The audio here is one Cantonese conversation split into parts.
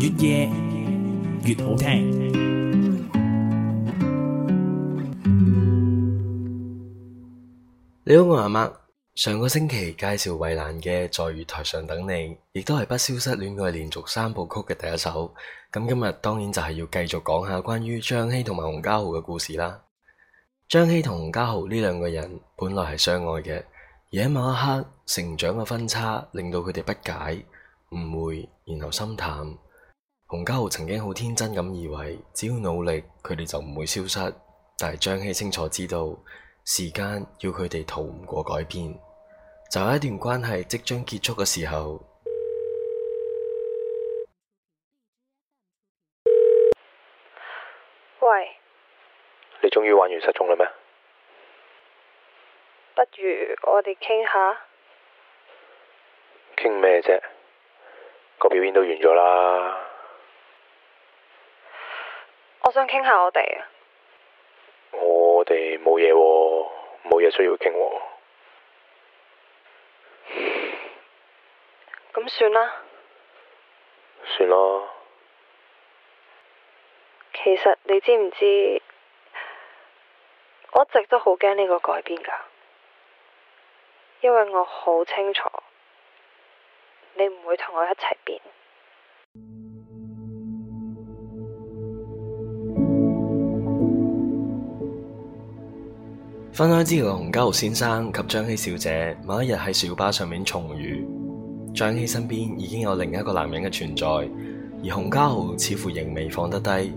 越夜越好聽。你好，我阿媽。上個星期介紹衛蘭嘅《在月台上等你》，亦都係《不消失戀愛》連續三部曲嘅第一首。咁今日當然就係要繼續講下關於張希同埋洪嘉豪嘅故事啦。張希同洪嘉豪呢兩個人本來係相愛嘅，而喺某一刻。成長嘅分叉令到佢哋不解、誤會，然後心淡。洪嘉豪曾經好天真咁以為，只要努力，佢哋就唔會消失。但係張希清楚知道，時間要佢哋逃唔過改變。就喺一段關係即將結束嘅時候，喂，你終於玩完失蹤啦咩？不如我哋傾下。傾咩啫？個表演都完咗啦。我想傾下我哋。我哋冇嘢，冇嘢需要傾。咁算啦。算啦 吧。其實你知唔知？我一直都好驚呢個改變㗎，因為我好清楚。你唔會同我一齊變。分開之後，洪嘉豪先生及張希小姐某一日喺小巴上面重遇。張希身邊已經有另一個男人嘅存在，而洪嘉豪似乎仍未放得低。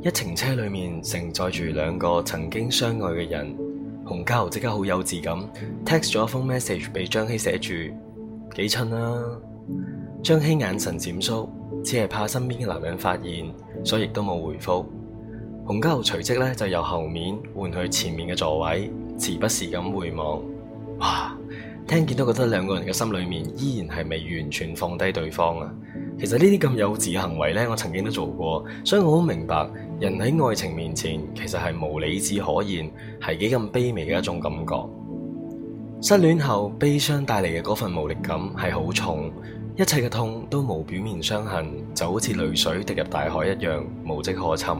一程車裏面承載住兩個曾經相愛嘅人，洪嘉豪即刻好幼稚咁 text 咗一封 message 俾張希寫，寫住幾襯啊！張希眼神閃縮，只係怕身邊嘅男人發現，所以亦都冇回覆。洪嘉豪隨即咧就由後面換去前面嘅座位，時不時咁回望。哇，聽見都覺得兩個人嘅心裏面依然係未完全放低對方啊！其實呢啲咁幼稚嘅行為咧，我曾經都做過，所以我好明白人喺愛情面前其實係無理智可言，係幾咁卑微嘅一種感覺。失戀後悲傷帶嚟嘅嗰份無力感係好重，一切嘅痛都無表面傷痕，就好似淚水滴入大海一樣，無跡可尋。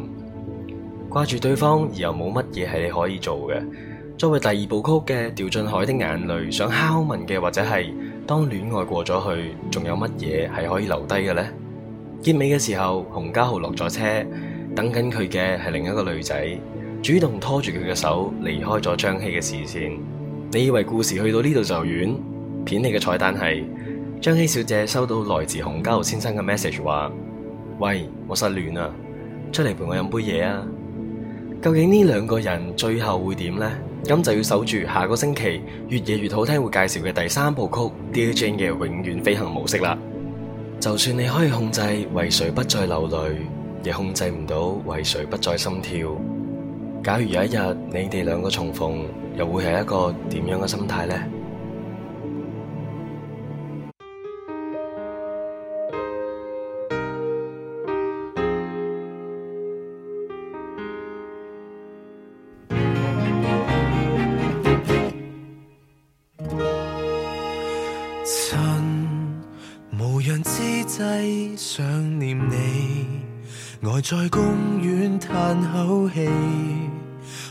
掛住對方而又冇乜嘢係你可以做嘅，作為第二部曲嘅掉進海的眼淚，想敲問嘅或者係當戀愛過咗去，仲有乜嘢係可以留低嘅呢？結尾嘅時候，洪嘉豪落咗車，等緊佢嘅係另一個女仔，主動拖住佢嘅手離開咗張希嘅視線。你以為故事去到呢度就完？片尾嘅彩蛋係張希小姐收到來自洪嘉豪先生嘅 message，話：喂，我失戀啦，出嚟陪我飲杯嘢啊！究竟呢兩個人最後會點呢？咁就要守住下個星期越夜越好聽會介紹嘅第三部曲 Dear Jane 嘅永遠飛行模式啦。就算你可以控制為誰不再流淚，亦控制唔到為誰不再心跳。假如有一日你哋兩個重逢，又會係一個點樣嘅心態呢？趁無人之際，想念你。呆在公園嘆口氣，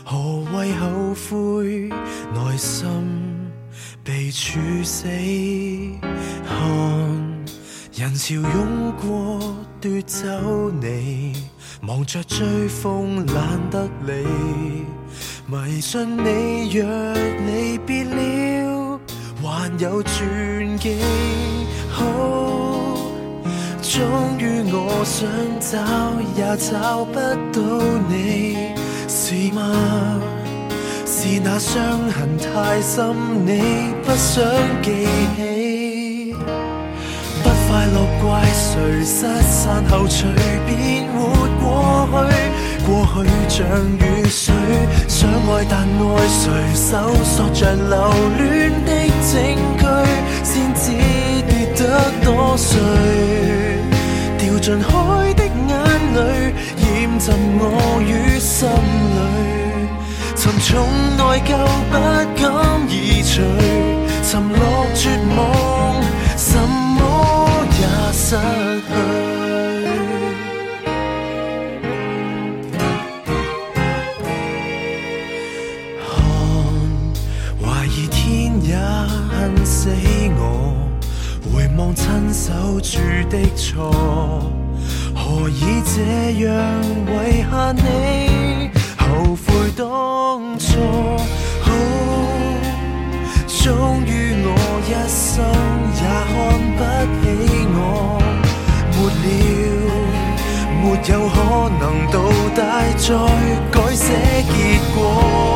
何謂後悔？內心被處死。看人潮湧過奪走你，望着追風懶得理，迷信你若離別了還有轉機，好、哦想找也找不到你，是嗎？是那傷痕太深，你不想記起？不快樂怪誰？失散後隨便活過去，過去像雨水，想愛但愛誰？搜索着留戀的證據，先知跌得多碎。掉進海的眼淚，掩浸我於心裏，沉重內疚，不敢移除，沉落絕。留住的錯，何以這樣遺下你？後悔當初，好、終於我一生也看不起我，沒了，沒有可能倒帶再改寫結果。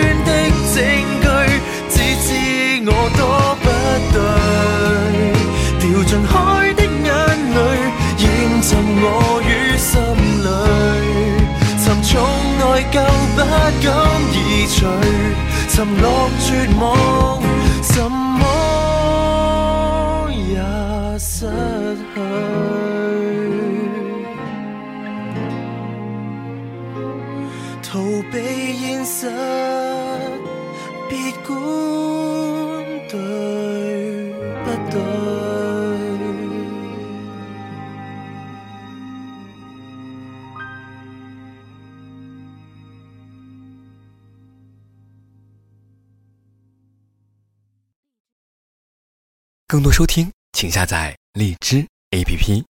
更不敢移除，沉落絕望，什麼也失去，逃避現實，別管對。更多收聽，請下載荔枝 APP。